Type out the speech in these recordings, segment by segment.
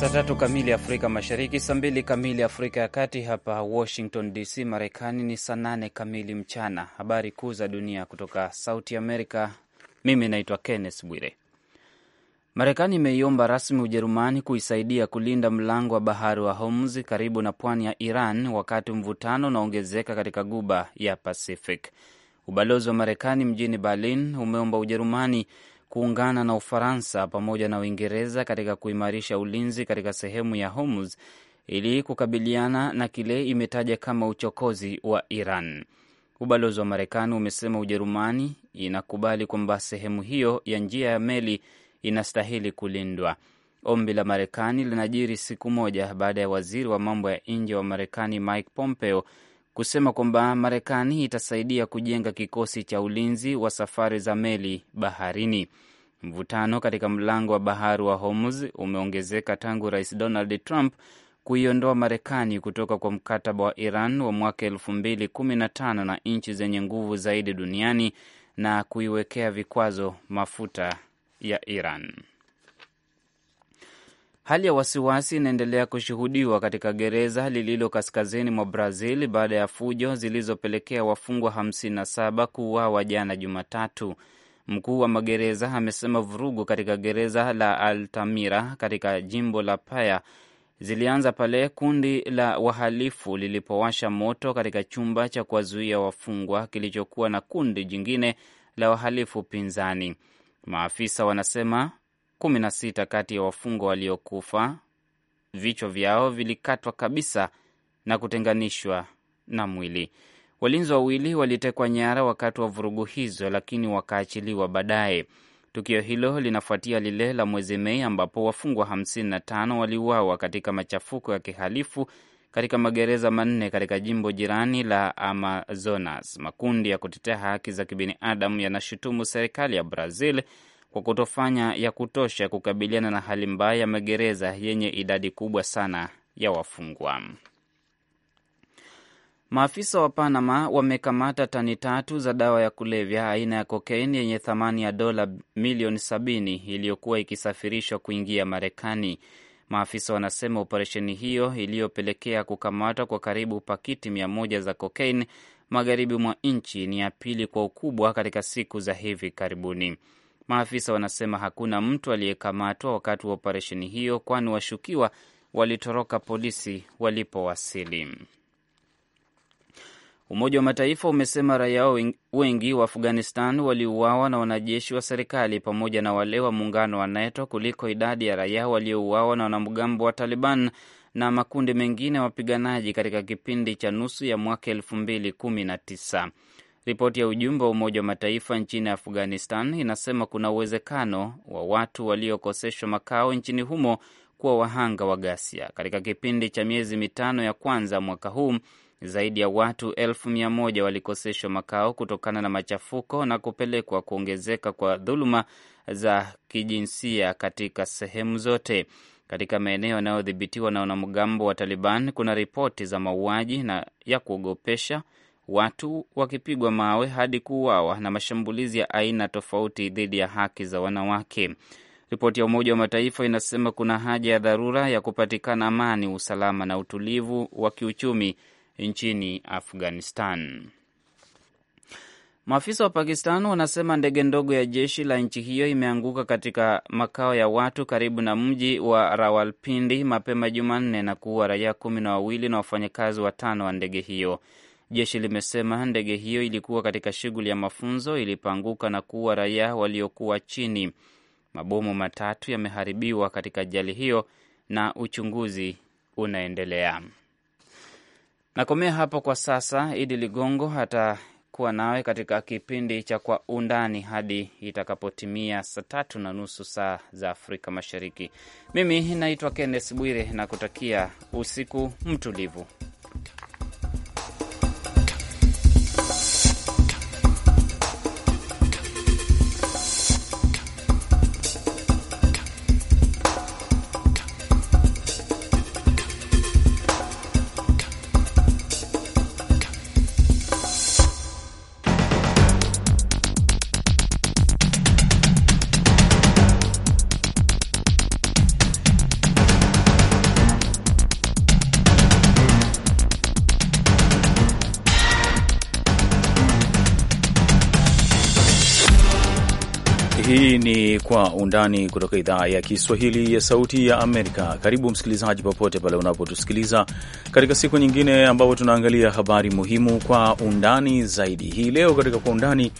Saa tatu kamili Afrika Mashariki, saa mbili kamili Afrika ya Kati. Hapa Washington DC, Marekani ni saa nane kamili mchana. Habari kuu za dunia kutoka Sauti Amerika. Mimi naitwa Kenneth Bwire. Marekani imeiomba rasmi Ujerumani kuisaidia kulinda mlango wa bahari wa Hormuz karibu na pwani ya Iran wakati mvutano unaongezeka katika guba ya Pacific. Ubalozi wa Marekani mjini Berlin umeomba Ujerumani kuungana na Ufaransa pamoja na Uingereza katika kuimarisha ulinzi katika sehemu ya Hormuz ili kukabiliana na kile imetaja kama uchokozi wa Iran. Ubalozi wa Marekani umesema Ujerumani inakubali kwamba sehemu hiyo ya njia ya meli inastahili kulindwa. Ombi la Marekani linajiri siku moja baada ya waziri wa mambo ya nje wa Marekani Mike Pompeo kusema kwamba Marekani itasaidia kujenga kikosi cha ulinzi wa safari za meli baharini. Mvutano katika mlango wa bahari wa Hormuz umeongezeka tangu Rais Donald Trump kuiondoa Marekani kutoka kwa mkataba wa Iran wa mwaka elfu mbili kumi na tano na nchi zenye nguvu zaidi duniani na kuiwekea vikwazo mafuta ya Iran. Hali ya wasiwasi inaendelea kushuhudiwa katika gereza lililo kaskazini mwa Brazil baada ya fujo zilizopelekea wafungwa 57 kuuawa jana Jumatatu. Mkuu wa magereza amesema vurugu katika gereza la Altamira katika jimbo la Paya zilianza pale kundi la wahalifu lilipowasha moto katika chumba cha kuwazuia wafungwa kilichokuwa na kundi jingine la wahalifu pinzani. Maafisa wanasema kumi na sita kati ya wafungwa waliokufa vichwa vyao vilikatwa kabisa na kutenganishwa na mwili. Walinzi wawili walitekwa nyara wakati wa vurugu hizo, lakini wakaachiliwa baadaye. Tukio hilo linafuatia lile la mwezi Mei ambapo wafungwa 55 waliuawa katika machafuko ya kihalifu katika magereza manne katika jimbo jirani la Amazonas. Makundi ya kutetea haki za kibinadamu yanashutumu serikali ya Brazil kwa kutofanya ya kutosha kukabiliana na hali mbaya ya magereza yenye idadi kubwa sana ya wafungwa. Maafisa wa Panama wamekamata tani tatu za dawa ya kulevya aina ya kokaini yenye thamani ya dola milioni sabini iliyokuwa ikisafirishwa kuingia Marekani. Maafisa wanasema operesheni hiyo iliyopelekea kukamatwa kwa karibu pakiti mia moja za kokaini magharibi mwa nchi ni ya pili kwa ukubwa katika siku za hivi karibuni. Maafisa wanasema hakuna mtu aliyekamatwa wakati wa operesheni hiyo, kwani washukiwa walitoroka polisi walipowasili. Umoja wa Mataifa umesema raia wengi wa Afghanistan waliuawa na wanajeshi wa serikali pamoja na wale wa muungano wa NATO kuliko idadi ya raia waliouawa na wanamgambo wa Taliban na makundi mengine ya wapiganaji katika kipindi cha nusu ya mwaka elfu mbili kumi na tisa. Ripoti ya ujumbe wa Umoja wa Mataifa nchini Afghanistan inasema kuna uwezekano wa watu waliokoseshwa makao nchini humo kuwa wahanga wa ghasia. Katika kipindi cha miezi mitano ya kwanza mwaka huu, zaidi ya watu elfu mia moja walikoseshwa makao kutokana na machafuko na kupelekwa kuongezeka kwa dhuluma za kijinsia katika sehemu zote. Katika maeneo yanayodhibitiwa na wanamgambo wa Taliban kuna ripoti za mauaji na ya kuogopesha watu wakipigwa mawe hadi kuuawa na mashambulizi ya aina tofauti dhidi ya haki za wanawake. Ripoti ya Umoja wa Mataifa inasema kuna haja ya dharura ya kupatikana amani, usalama na utulivu wa kiuchumi nchini Afghanistan. Maafisa wa Pakistan wanasema ndege ndogo ya jeshi la nchi hiyo imeanguka katika makao ya watu karibu na mji wa Rawalpindi mapema Jumanne na kuua raia kumi na wawili na wafanyakazi watano wa ndege hiyo. Jeshi limesema ndege hiyo ilikuwa katika shughuli ya mafunzo ilipanguka na kuua raia waliokuwa chini. Mabomu matatu yameharibiwa katika ajali hiyo na uchunguzi unaendelea. Nakomea hapo kwa sasa. Idi Ligongo atakuwa nawe katika kipindi cha Kwa Undani hadi itakapotimia saa tatu na nusu saa za Afrika Mashariki. Mimi naitwa Kenneth Bwire na kutakia usiku mtulivu. Kwa Undani kutoka idhaa ya Kiswahili ya Sauti ya Amerika. Karibu msikilizaji, popote pale unapotusikiliza katika siku nyingine ambapo tunaangalia habari muhimu kwa undani zaidi. Hii leo katika Kwa Undani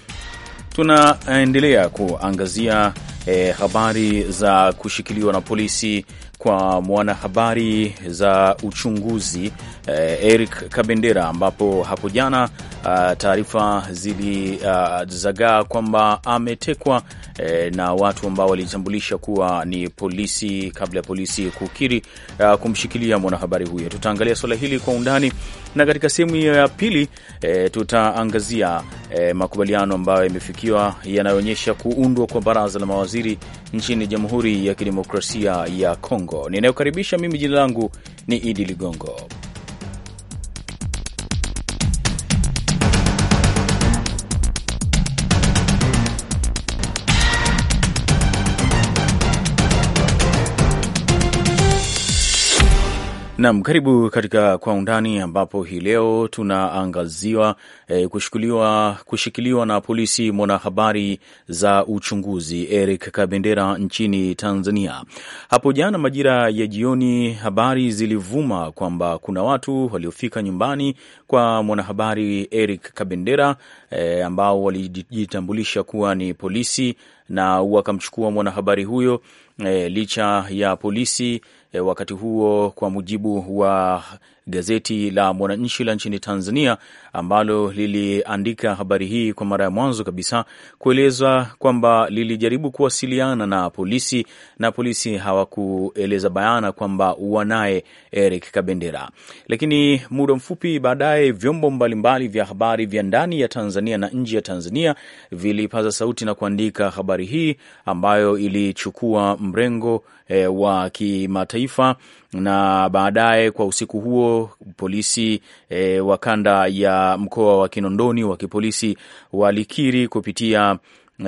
tunaendelea kuangazia eh, habari za kushikiliwa na polisi kwa mwanahabari za uchunguzi eh, Eric Kabendera, ambapo hapo jana uh, taarifa zilizagaa ah, uh, kwamba ametekwa eh, na watu ambao walitambulisha kuwa ni polisi kabla ya polisi kukiri uh, kumshikilia mwanahabari huyo. Tutaangalia suala hili kwa undani na katika sehemu hiyo ya pili e, tutaangazia e, makubaliano ambayo yamefikiwa yanayoonyesha kuundwa kwa baraza la mawaziri nchini Jamhuri ya Kidemokrasia ya Kongo. Ninayokaribisha mimi, jina langu ni Idi Ligongo Nam, karibu katika Kwa Undani, ambapo hii leo tunaangaziwa e, eh, kushikiliwa, kushikiliwa na polisi mwanahabari za uchunguzi Eric Kabendera nchini Tanzania. Hapo jana majira ya jioni, habari zilivuma kwamba kuna watu waliofika nyumbani kwa mwanahabari Eric Kabendera e, ambao walijitambulisha kuwa ni polisi na wakamchukua mwanahabari huyo e, licha ya polisi Eh, wakati huo kwa mujibu wa gazeti la Mwananchi la nchini Tanzania ambalo liliandika habari hii kwa mara ya mwanzo kabisa kueleza kwamba lilijaribu kuwasiliana na polisi na polisi hawakueleza bayana kwamba wanaye Eric Kabendera. Lakini muda mfupi baadaye vyombo mbalimbali vya habari vya ndani ya Tanzania na nje ya Tanzania vilipaza sauti na kuandika habari hii ambayo ilichukua mrengo eh, wa kimataifa na baadaye kwa usiku huo polisi e, wa kanda ya mkoa wa Kinondoni wa kipolisi walikiri kupitia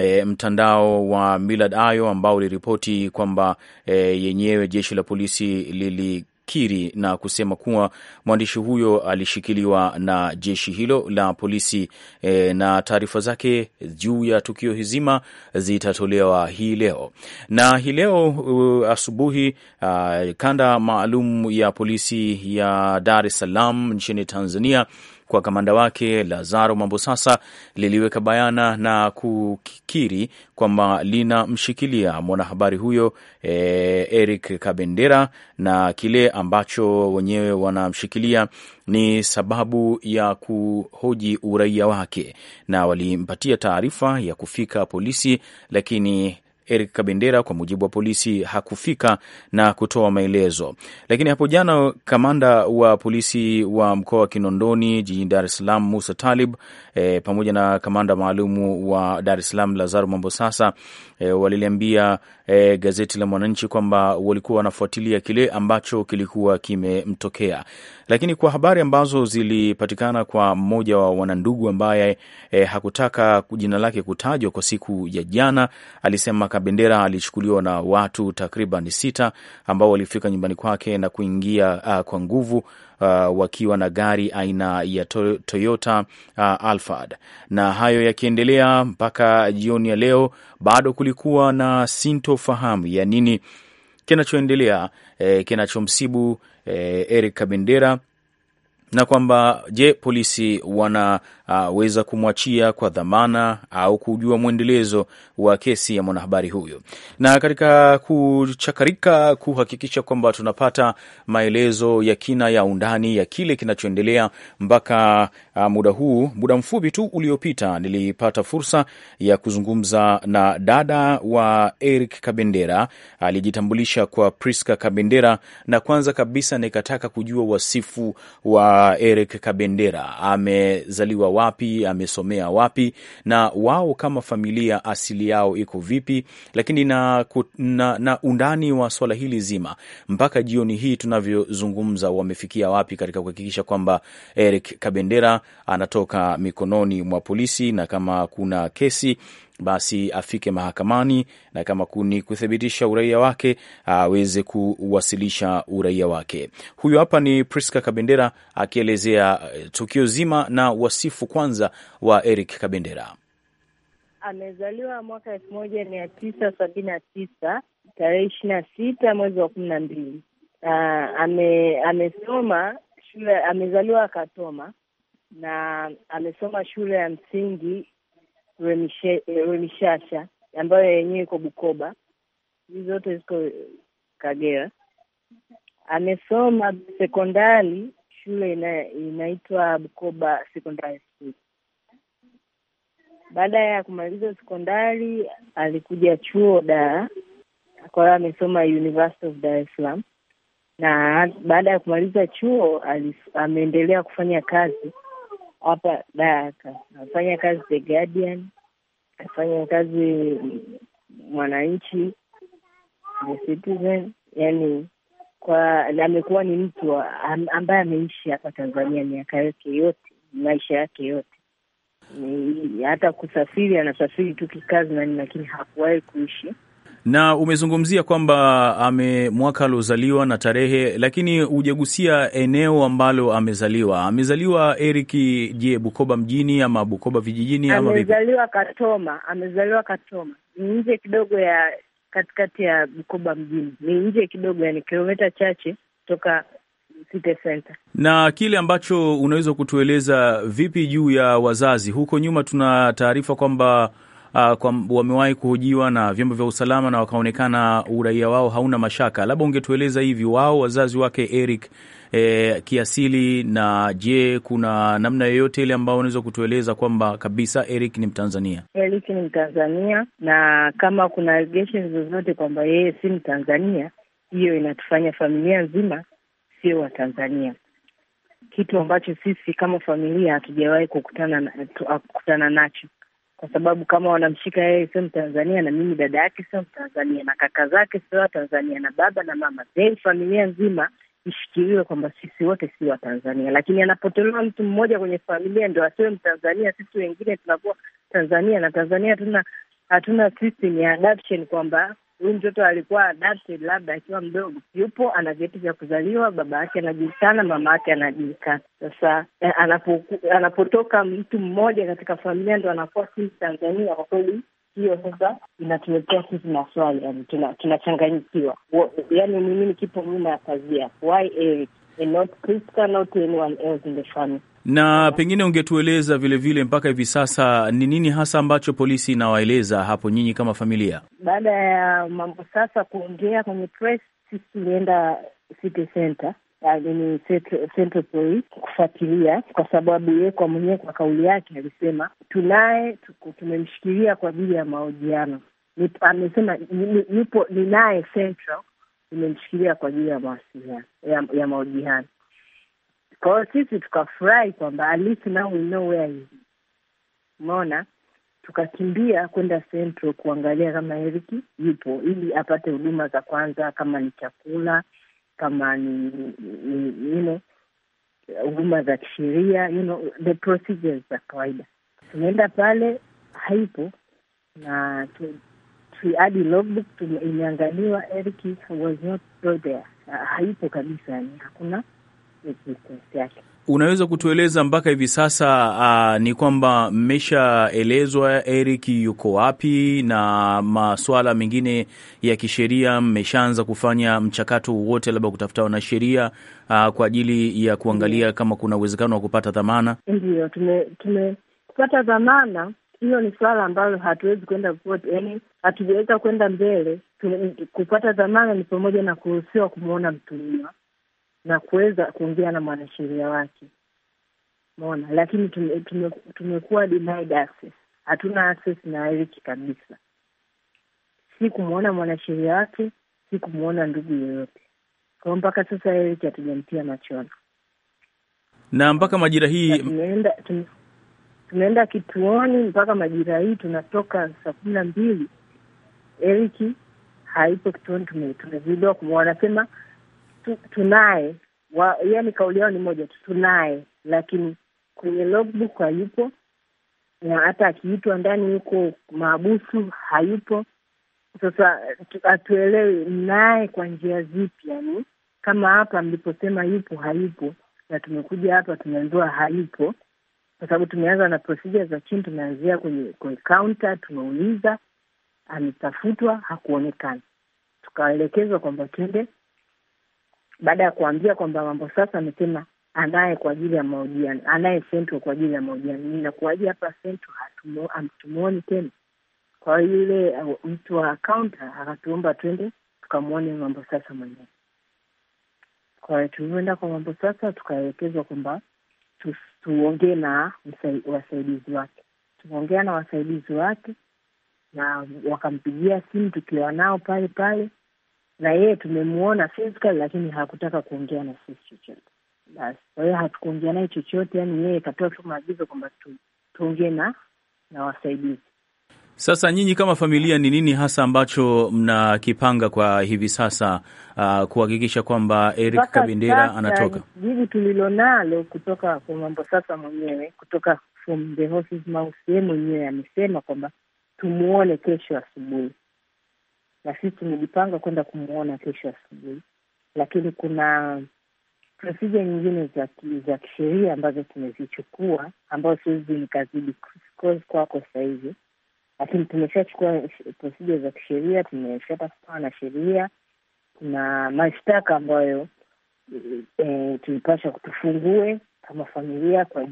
E, mtandao wa Millard Ayo ambao uliripoti kwamba e, yenyewe jeshi la polisi lili kukiri na kusema kuwa mwandishi huyo alishikiliwa na jeshi hilo la polisi e, na taarifa zake juu ya tukio hizima zitatolewa hii leo. Na hii leo uh, asubuhi uh, kanda maalum ya polisi ya Dar es Salaam nchini Tanzania kwa kamanda wake Lazaro mambo sasa liliweka bayana na kukiri kwamba linamshikilia mwanahabari huyo e, Eric Kabendera na kile ambacho wenyewe wanamshikilia ni sababu ya kuhoji uraia wake, na walimpatia taarifa ya kufika polisi, lakini Eric Kabendera, kwa mujibu wa polisi, hakufika na kutoa maelezo. Lakini hapo jana kamanda wa polisi wa mkoa wa Kinondoni jijini Dar es Salaam Musa Talib e, pamoja na kamanda maalumu wa Dar es Salaam Lazaro Sasa, e, waliliambia e, gazeti la Mwananchi kwamba walikuwa wanafuatilia kile ambacho kilikuwa kimemtokea. Lakini kwa habari ambazo zilipatikana kwa mmoja wa wanandugu ambaye e, hakutaka jina lake kutajwa kwa siku ya jana, alisema Kabendera alichukuliwa na watu takriban sita ambao walifika nyumbani kwake na kuingia uh, kwa nguvu uh, wakiwa na gari aina ya to Toyota uh, Alphard. Na hayo yakiendelea mpaka jioni ya leo, bado kulikuwa na sintofahamu ya nini kinachoendelea eh, kinachomsibu eh, Eric Kabendera na kwamba je, polisi wana uh, weza kumwachia kwa dhamana au kujua mwendelezo wa kesi ya mwanahabari huyo. Na katika kuchakarika kuhakikisha kwamba tunapata maelezo ya kina ya undani ya kile kinachoendelea mpaka uh, muda huu, muda mfupi tu uliopita, nilipata fursa ya kuzungumza na dada wa Eric Kabendera, alijitambulisha kwa Priska Kabendera, na kwanza kabisa nikataka kujua wasifu wa Eric Kabendera, amezaliwa wapi, amesomea wapi, na wao kama familia asili yao iko vipi, lakini na, na, na undani wa swala hili zima mpaka jioni hii tunavyozungumza, wamefikia wapi katika kuhakikisha kwamba Eric Kabendera anatoka mikononi mwa polisi na kama kuna kesi basi afike mahakamani na kama kuni kuthibitisha uraia wake aweze kuwasilisha uraia wake. Huyu hapa ni Priska Kabendera akielezea eh, tukio zima na wasifu kwanza wa Eric Kabendera. Amezaliwa mwaka elfu moja mia tisa sabini na tisa tarehe ishirini na sita mwezi wa kumi na mbili. Ah, ame, amesoma shule, amezaliwa akasoma na amesoma shule ya msingi Remishasha eh, ambayo yenyewe iko Bukoba, hizi zote ziko Kagera. Amesoma sekondari shule ina, inaitwa Bukoba Secondary School. Baada ya kumaliza sekondari alikuja chuo Dar, kwa hiyo amesoma University of Dar es Salaam, na baada ya kumaliza chuo ameendelea kufanya kazi hapa nafanya kazi The Guardian, nafanya kazi Mwananchi, The Citizen, yani kwa amekuwa ni mtu ambaye ameishi hapa Tanzania miaka yake yote maisha yake yote ni, hata kusafiri anasafiri tu kikazi nani, lakini hakuwahi kuishi na umezungumzia kwamba ame mwaka aliozaliwa na tarehe, lakini hujagusia eneo ambalo amezaliwa. Amezaliwa Eric, je, Bukoba mjini ama Bukoba vijijini ama Amezaliwa Katoma, amezaliwa Katoma, ni nje kidogo ya katikati ya Bukoba mjini, ni nje kidogo, yani kilomita chache toka City Center. Na kile ambacho unaweza kutueleza vipi juu ya wazazi huko nyuma, tuna taarifa kwamba uh, wamewahi kuhojiwa na vyombo vya usalama na wakaonekana uraia wao hauna mashaka. Labda ungetueleza hivi, wao wazazi wake Eric e, kiasili na je, kuna namna yoyote ile ambayo unaweza kutueleza kwamba kabisa Eric ni Mtanzania? Eric ni Mtanzania, na kama kuna allegations zozote kwamba yeye si Mtanzania, hiyo inatufanya familia nzima sio Watanzania, kitu ambacho sisi kama familia hatujawahi kukutana, kukutana nacho kwa sababu kama wanamshika yeye sio Mtanzania na mimi dada yake sio Mtanzania na kaka zake sio Watanzania na baba na mama, then familia nzima ishikiliwe kwamba sisi wote si Watanzania. Lakini anapotolewa mtu mmoja kwenye familia ndo asiwe Mtanzania, sisi wengine tunakuwa Tanzania na Tanzania hatuna hatuna system ya adoption kwamba huyu mtoto alikuwa adopted labda akiwa mdogo, yupo ana vyeti vya kuzaliwa, baba yake anajulikana, mama yake anajulikana. Sasa eh, anapo, anapotoka mtu mmoja katika familia ndo anakuwa sisi Tanzania kwa kweli hiyo sasa inatuletea sisi maswali, yani tunachanganyikiwa, yani ni nini kipo nyuma ya pazia? Why Eric and not not anyone else in the family? Na pengine ungetueleza vilevile mpaka hivi sasa ni nini hasa ambacho polisi inawaeleza hapo nyinyi kama familia? Baada ya mambo sasa kuongea kwenye press, sisi tulienda city center Central Police kufuatilia, kwa sababu yeye kwa mwenyewe kwa kauli yake alisema tunaye, tumemshikilia kwa ajili ya mahojiano. Amesema yupo, ninaye Central, tumemshikilia kwa ajili ya mawasiliano ya mahojiano. Kwa hiyo sisi tukafurahi kwamba at least now we know where he is, umeona, tukakimbia kwenda Central kuangalia kama Eric yupo ili apate huduma za kwanza, kama ni chakula, kama ni nino huduma za kisheria, you know the procedures za kawaida. Tumeenda pale, haipo na hadi logbook imeangaliwa, Eric was not there, haipo kabisa, yani hakuna existence yake. Unaweza kutueleza mpaka hivi sasa uh, ni kwamba mmeshaelezwa Eric yuko wapi na masuala mengine ya kisheria, mmeshaanza kufanya mchakato wowote labda kutafuta wanasheria uh, kwa ajili ya kuangalia mm, kama kuna uwezekano wa kupata dhamana? Ndiyo, tumepata dhamana. Hiyo ni suala ambalo hatuwezi kwenda popote, yaani hatujaweza kwenda mbele. Kupata dhamana ni pamoja na kuruhusiwa kumwona mtumiwa na kuweza kuongea na mwanasheria wake mona, lakini tumekuwa denied access, hatuna access na Eric kabisa. Si kumwona mwanasheria wake, si kumwona ndugu yoyote kwao. Mpaka sasa Eric hatujamtia machoni, na mpaka majira hii tumeenda tume, tumeenda kituoni mpaka majira hii, tunatoka saa kumi na mbili Eric haipo kituoni, kumwona, Wanasema tu, tunaye yani kauli yao ni moja tu, tunaye, lakini kwenye logbook hayupo, na hata akiitwa ndani yuko maabusu, hayupo. Sasa hatuelewi naye kwa njia zipi, yani kama hapa mliposema yupo, hayupo, na tumekuja hapa tumeambiwa hayupo, kwa sababu tumeanza na procedure za chini, tumeanzia kwenye kwenye kaunta tumeuliza, ametafutwa, hakuonekana, tukaelekezwa kwamba twende baada ya kuambia kwamba mambo sasa amesema anaye kwa ajili ya mahojiano, anaye Sento kwa ajili ya mahojiano. Ninakuaje hapa Sento, hatumwoni tena. Kwa hiyo yule uh, mtu wa kaunta akatuomba twende tukamwone mambo sasa mwenyewe. Kwa hiyo tulivyoenda kwa mambo sasa, tukaelekezwa kwamba tuongee na wasaidizi wake. Tukaongea na wasaidizi wake na wakampigia simu tukiwa nao pale pale na yeye tumemwona physical, lakini hakutaka kuongea na sisi chochote. Basi kwa hiyo hatukuongea naye chochote, yani yeye ikatoa tu maagizo kwamba tuongee na na wasaidizi. Sasa nyinyi kama familia, ni nini hasa ambacho mnakipanga kwa hivi sasa, uh, kuhakikisha kwamba Eric Kabendera anatoka? Jibu tulilonalo kutoka kwa mambo sasa mwenyewe kutoka from the yeye mwenyewe amesema kwamba tumuone kesho asubuhi na sisi tumejipanga kwenda kumwona kesho asubuhi, lakini kuna procedure nyingine za za kisheria ambazo tumezichukua, ambayo siwezi nikazidi kwako sahizi lakini tumeshachukua procedure za kisheria, tumeshapasana na sheria. Kuna mashtaka ambayo e, tulipasha tufungue kama familia kwa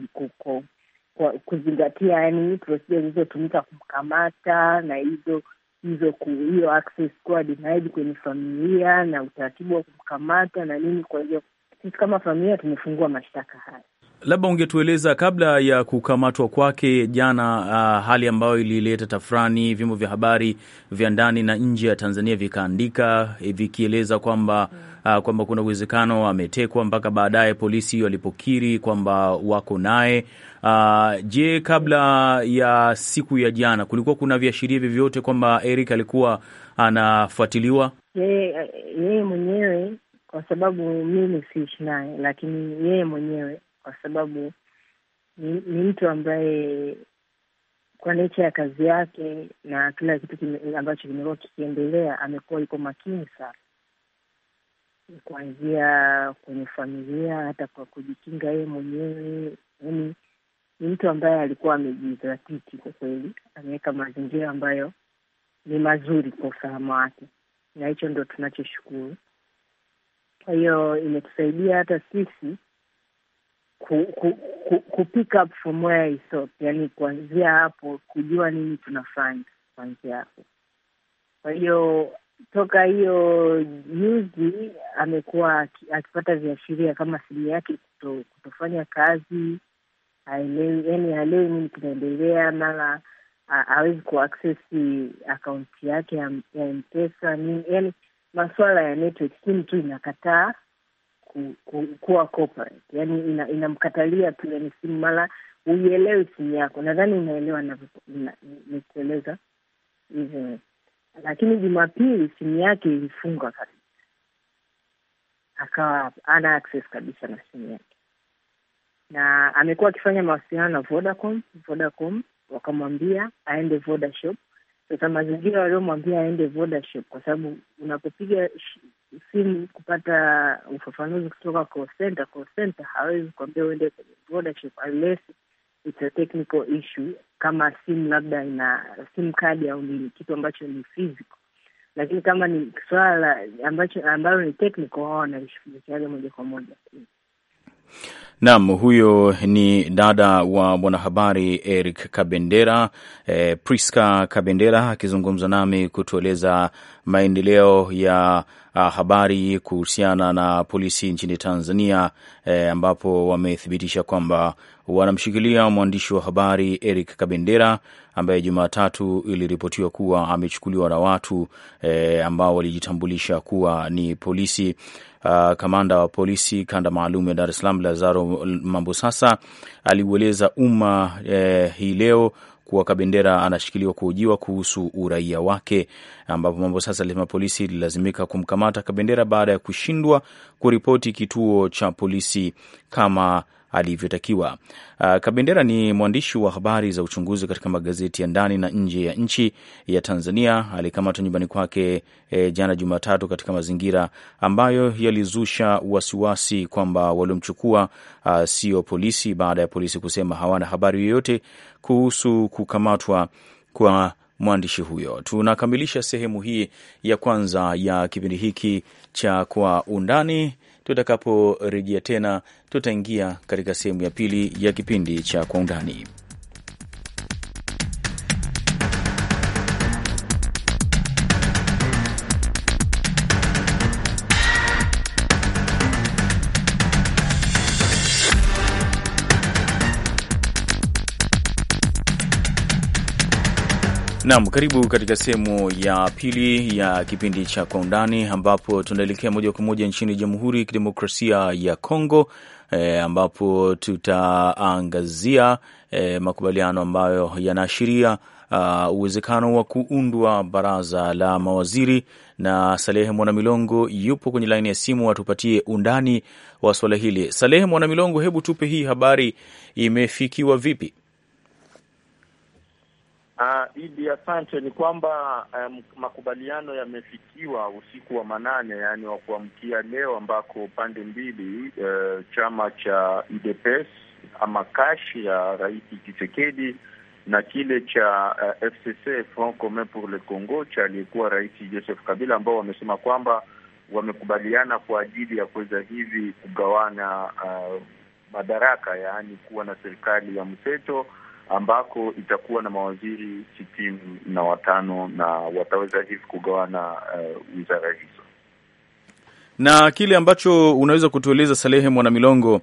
kwa kuzingatia yani procedure zilizotumika kumkamata na hizo hizo hiyo access kuwa denied kwenye familia na utaratibu wa kumkamata na nini. Kwa hiyo sisi kama familia tumefungua mashtaka haya labda ungetueleza kabla ya kukamatwa kwake jana, uh, hali ambayo ilileta tafrani, vyombo vya habari vya ndani na nje ya Tanzania vikaandika eh, vikieleza kwamba uh, kwamba kuna uwezekano ametekwa, mpaka baadaye polisi walipokiri kwamba wako naye. Uh, je, kabla ya siku ya jana kulikuwa kuna viashiria vyovyote kwamba Eric alikuwa anafuatiliwa? Eh, yeye mwenyewe, kwa sababu mimi siishi naye, lakini yeye mwenyewe kwa sababu ni, ni mtu ambaye kwa necha ya kazi yake na kila kitu ambacho kimekuwa kikiendelea amekuwa yuko makini sana, kuanzia kwenye familia hata kwa kujikinga yeye mwenyewe. Yani ni mtu ambaye alikuwa amejizatiti kwa kweli, ameweka mazingira ambayo ni mazuri kwa usalama wake, na hicho ndo tunachoshukuru. Kwa hiyo imetusaidia hata sisi ku, ku, ku, ku pick up from where I stop, yani kuanzia hapo kujua nini tunafanya kuanzia hapo. Kwa hiyo toka hiyo juzi amekuwa akipata viashiria kama simu yake kuto, kutofanya kazi, haelewi yani haelewi nini kinaendelea, mara hawezi kuaccess akaunti yake ya, ya Mpesa nini, yani masuala ya network simu tu inakataa ku, ku, kuwa corporate. Yani ina, inamkatalia tu, yani simu mala huielewi simu yako. Nadhani unaelewa nikueleza hivyo, lakini Jumapili simu yake ilifungwa kabisa, akawa ana access kabisa na simu yake, na amekuwa akifanya mawasiliano na Vodacom. Vodacom wakamwambia aende Vodashop. Sasa mazingira waliomwambia aende Vodashop kwa sababu unapopiga simu kupata ufafanuzi kutoka call center. Call center hawezi kuambia uende kwenye Vodacom unless it's a technical issue, kama simu labda ina simu kadi au ni kitu ambacho ni physical. Lakini kama ni swala ambacho ambalo ni technical, wao wanalishughulikiaga moja kwa moja. Nam, huyo ni dada wa mwanahabari Eric Kabendera, e, Priska Kabendera akizungumza nami kutueleza maendeleo ya a, ah, habari kuhusiana na polisi nchini Tanzania, e, ambapo wamethibitisha kwamba wanamshikilia mwandishi wa habari Eric Kabendera ambaye Jumatatu iliripotiwa kuwa amechukuliwa na watu e, ambao walijitambulisha kuwa ni polisi. Uh, kamanda wa polisi kanda maalum ya Dar es Salaam Lazaro Mambosasa aliueleza umma eh, hii leo kuwa Kabendera anashikiliwa kuhojiwa kuhusu uraia wake, ambapo mambo sasa alisema polisi ililazimika kumkamata Kabendera baada ya kushindwa kuripoti kituo cha polisi kama alivyotakiwa. Ah, Kabendera ni mwandishi wa habari za uchunguzi katika magazeti ya ndani na nje ya nchi ya Tanzania. Alikamatwa nyumbani kwake e, jana Jumatatu katika mazingira ambayo yalizusha wasiwasi kwamba waliomchukua ah, sio polisi, baada ya polisi kusema hawana habari yoyote kuhusu kukamatwa kwa mwandishi huyo. Tunakamilisha sehemu hii ya kwanza ya kipindi hiki cha Kwa Undani. Tutakaporejea tena, tutaingia katika sehemu ya pili ya kipindi cha Kwa Undani. Naam, karibu katika sehemu ya pili ya kipindi cha Kwa Undani, ambapo tunaelekea moja kwa moja nchini Jamhuri ya Kidemokrasia ya Kongo e, ambapo tutaangazia e, makubaliano ambayo yanaashiria ah, uwezekano wa kuundwa baraza la mawaziri. Na Salehe Mwanamilongo yupo kwenye laini ya simu, atupatie undani wa swala hili. Salehe Mwanamilongo, hebu tupe hii habari imefikiwa vipi? Uh, Idi, asante. Ni kwamba um, makubaliano yamefikiwa usiku wa manane, yaani wa kuamkia leo, ambako pande mbili uh, chama cha UDPS ama kashi ya Rais chisekedi na kile cha uh, eh, FCC Front Commun pour le Congo cha aliyekuwa Rais Joseph Kabila, ambao wamesema kwamba wamekubaliana kwa ajili ya kuweza hivi kugawana uh, madaraka, yaani kuwa na serikali ya mseto ambako itakuwa na mawaziri sitini na watano na wataweza hivi kugawana uh, wizara uh, hizo na kile ambacho unaweza kutueleza Salehe Mwanamilongo, uh,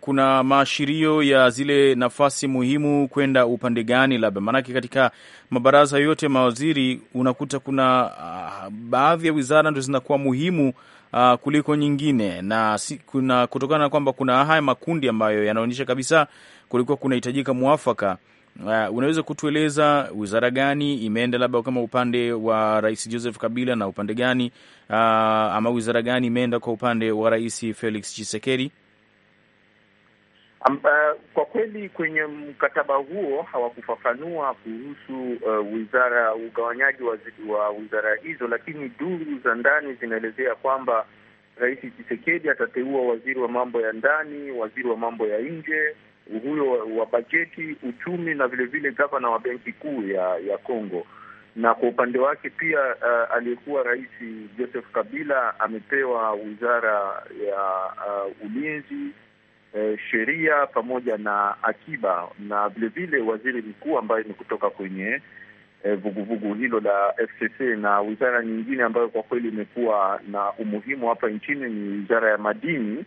kuna maashirio ya zile nafasi muhimu kwenda upande gani? Labda maanake katika mabaraza yote mawaziri unakuta kuna uh, baadhi ya wizara ndo zinakuwa muhimu uh, kuliko nyingine, na si, kuna kutokana na kwamba kuna haya makundi ambayo yanaonyesha kabisa kulikuwa kunahitajika mwafaka. Uh, unaweza kutueleza wizara gani imeenda labda kama upande wa Rais Joseph Kabila na upande gani uh, ama wizara gani imeenda kwa upande wa Rais Felix Tshisekedi? Um, uh, kwa kweli kwenye mkataba huo hawakufafanua kuhusu uh, wizara ugawanyaji wa, wa wizara hizo, lakini duru za ndani zinaelezea kwamba Rais Tshisekedi atateua waziri wa mambo ya ndani, waziri wa mambo ya nje huyo wa, bajeti, uchumi na vilevile gavana wa benki kuu ya ya Congo. Na kwa upande wake pia uh, aliyekuwa rais Joseph Kabila amepewa wizara ya uh, ulinzi eh, sheria pamoja na akiba na vilevile waziri mkuu ambaye ni kutoka kwenye uh, vuguvugu vugu hilo la FCC. Na wizara nyingine ambayo kwa kweli imekuwa na umuhimu hapa nchini ni wizara ya madini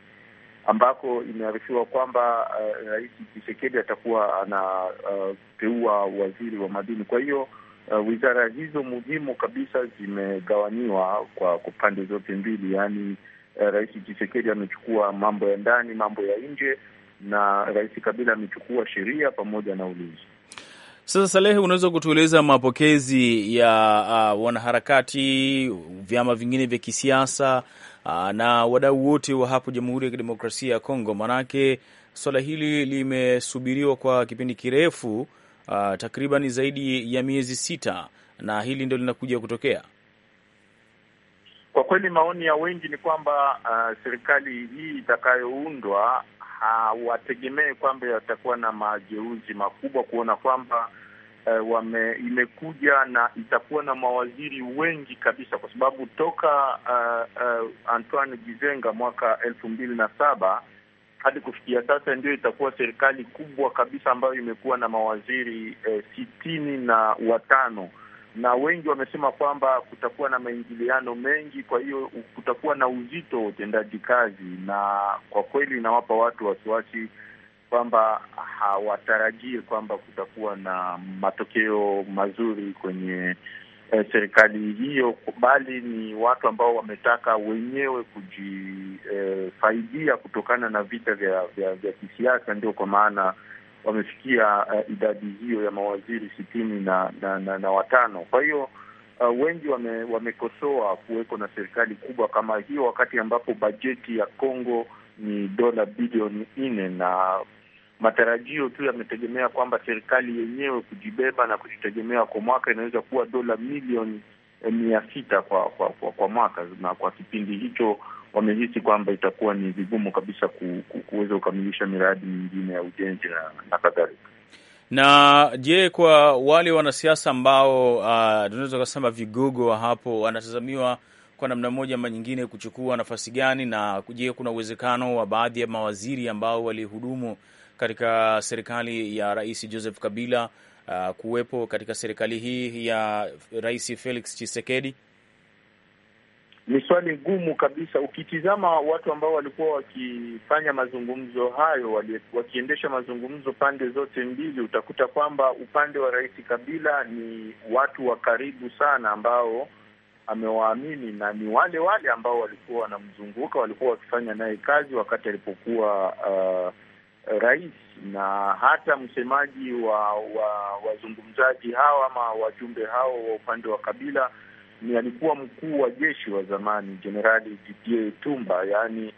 ambako imearifiwa kwamba uh, Rais chisekedi atakuwa anateua eh, uh, waziri wa madini. Kwa hiyo uh, wizara hizo muhimu kabisa zimegawanyiwa kwa pande zote mbili, yaani uh, Rais chisekedi amechukua mambo ya ndani, mambo ya nje, na Rais Kabila amechukua sheria pamoja na ulinzi. Sasa Salehe, unaweza kutueleza mapokezi ya uh, wanaharakati, vyama vingine vya kisiasa Ah, na wadau wote wa hapo Jamhuri ya Kidemokrasia ya Kongo, manake swala hili limesubiriwa kwa kipindi kirefu, ah, takriban zaidi ya miezi sita, na hili ndio linakuja kutokea. Kwa kweli maoni ya wengi ni kwamba uh, serikali hii itakayoundwa hawategemee kwamba yatakuwa na mageuzi makubwa, kuona kwamba uh, wame, imekuja na itakuwa na mawaziri wengi kabisa, kwa sababu toka uh, uh, Antoine Gizenga mwaka elfu mbili na saba hadi kufikia sasa ndio itakuwa serikali kubwa kabisa ambayo imekuwa na mawaziri eh, sitini na watano na wengi wamesema kwamba kutakuwa na maingiliano mengi, kwa hiyo kutakuwa na uzito wa utendaji kazi, na kwa kweli inawapa watu wasiwasi kwamba hawatarajii kwamba kutakuwa na matokeo mazuri kwenye eh, serikali hiyo, bali ni watu ambao wametaka wenyewe kujifaidia eh, kutokana na vita vya vya, vya kisiasa. Ndio kwa maana wamefikia uh, idadi hiyo ya mawaziri sitini na, na, na, na watano. Kwa hiyo Uh, wengi wame, wamekosoa kuweko na serikali kubwa kama hiyo wakati ambapo bajeti ya Kongo ni dola bilioni nne na matarajio tu yametegemea kwamba serikali yenyewe kujibeba na kujitegemea kwa mwaka inaweza kuwa dola milioni eh, mia sita kwa kwa, kwa kwa mwaka, na kwa kipindi hicho wamehisi kwamba itakuwa ni vigumu kabisa ku, ku, kuweza kukamilisha miradi mingine ya ujenzi na, na kadhalika. Na je, kwa wale wanasiasa ambao uh, tunaweza kusema vigogo wa hapo wanatazamiwa kwa namna moja ama nyingine kuchukua nafasi gani? Na je, kuna uwezekano wa baadhi ya mawaziri ambao walihudumu katika serikali ya Rais Joseph Kabila uh, kuwepo katika serikali hii ya Rais Felix Tshisekedi? Ni swali ngumu kabisa. Ukitizama watu ambao walikuwa wakifanya mazungumzo hayo, wakiendesha mazungumzo pande zote mbili, utakuta kwamba upande wa Rais Kabila ni watu wa karibu sana ambao amewaamini na ni wale wale ambao walikuwa wanamzunguka, walikuwa wakifanya naye kazi wakati alipokuwa uh, rais na hata msemaji wa wazungumzaji wa hawa ama wajumbe hao wa upande wa Kabila ni alikuwa mkuu wa jeshi wa zamani Jenerali Didier Tumba. Yaani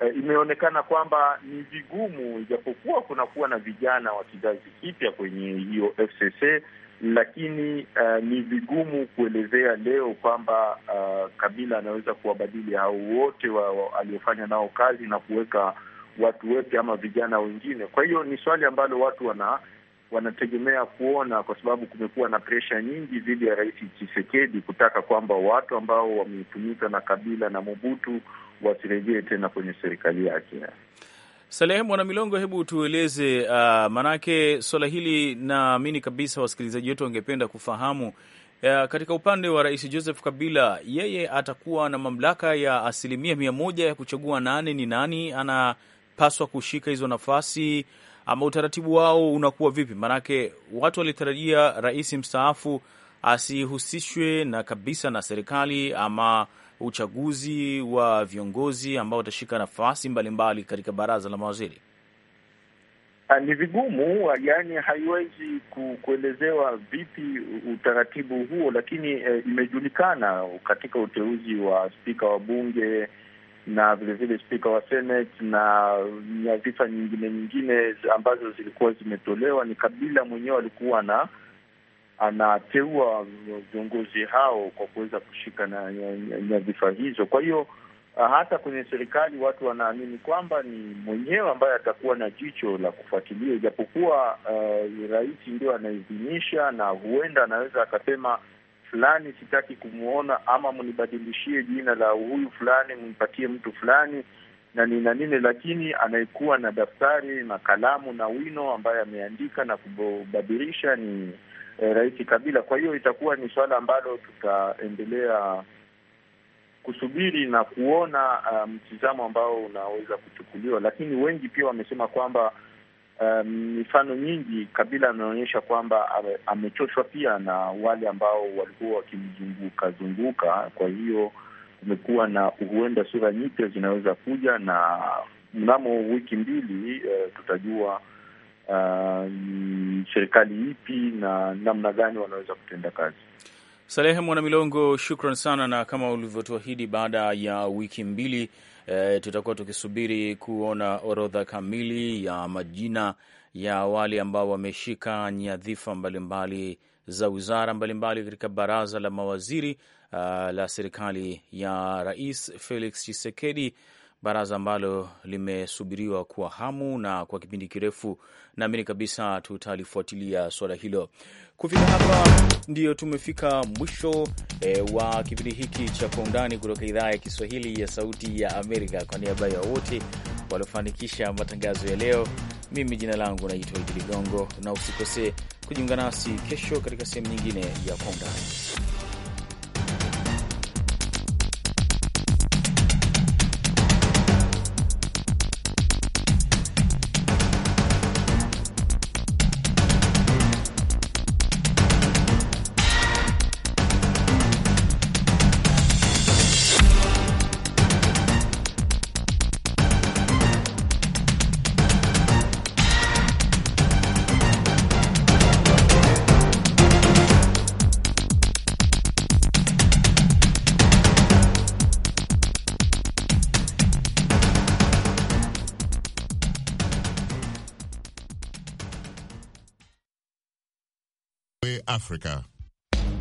e, imeonekana kwamba ni vigumu, ijapokuwa kunakuwa na vijana wa kizazi kipya kwenye hiyo FCC, lakini uh, ni vigumu kuelezea leo kwamba uh, Kabila anaweza kuwabadili hao wote wa, wa, aliofanya nao kazi na kuweka watu wetu ama vijana wengine. Kwa hiyo ni swali ambalo watu wana wanategemea kuona, kwa sababu kumekuwa na presha nyingi dhidi ya Rais chisekedi kutaka kwamba watu ambao wametumika na Kabila na Mobutu wasirejee tena kwenye serikali yake. Salehe Mwana Milongo, hebu tueleze uh, maanake swala hili naamini kabisa wasikilizaji wetu wangependa kufahamu. Uh, katika upande wa Rais Joseph Kabila, yeye atakuwa na mamlaka ya asilimia mia moja ya kuchagua nane ni nani ana wanapaswa kushika hizo nafasi ama utaratibu wao unakuwa vipi? Maanake watu walitarajia rais mstaafu asihusishwe na kabisa na serikali ama uchaguzi wa viongozi ambao watashika nafasi mbalimbali katika baraza la mawaziri. Ah, ni vigumu, yaani haiwezi kuelezewa vipi utaratibu huo, lakini e, imejulikana katika uteuzi wa spika wa bunge na vilevile spika wa Senate na nyadhifa nyingine nyingine ambazo zilikuwa zimetolewa. Ni Kabila mwenyewe alikuwa na anateua viongozi hao kwa kuweza kushika na nyadhifa hizo. Kwa hiyo ah, hata kwenye serikali watu wanaamini kwamba ni mwenyewe ambaye atakuwa na jicho la kufuatilia, ijapokuwa uh, rais ndio anaidhinisha na huenda anaweza akasema fulani sitaki kumwona, ama mnibadilishie jina la huyu fulani, mnipatie mtu fulani na ni na nini, lakini anayekuwa na daftari na kalamu na wino ambaye ameandika na kubadilisha ni eh, Rais Kabila. Kwa hiyo itakuwa ni suala ambalo tutaendelea kusubiri na kuona ah, mtizamo um, ambao unaweza kuchukuliwa, lakini wengi pia wamesema kwamba Um, mifano um, nyingi Kabila ameonyesha kwamba amechoshwa pia na wale ambao walikuwa wakimzunguka zunguka. Kwa hiyo kumekuwa na huenda sura nyipya zinaweza kuja, na mnamo wiki mbili uh, tutajua uh, serikali ipi na namna gani wanaweza kutenda kazi. Salehe Mwanamilongo, shukran sana, na kama ulivyotuahidi, baada ya wiki mbili e, tutakuwa tukisubiri kuona orodha kamili ya majina ya wale ambao wameshika nyadhifa mbalimbali mbali za wizara mbalimbali katika baraza la mawaziri uh, la serikali ya Rais Felix Tshisekedi baraza ambalo limesubiriwa kwa hamu na kwa kipindi kirefu. Naamini kabisa tutalifuatilia suala hilo. Kufika hapa, ndiyo tumefika mwisho e, wa kipindi hiki cha Kwa Undani kutoka idhaa ya Kiswahili ya Sauti ya Amerika. Kwa niaba ya wote waliofanikisha matangazo ya leo, mimi jina langu naitwa Idi Ligongo, na usikose kujiunga nasi kesho katika sehemu nyingine ya Kwa Undani. Africa.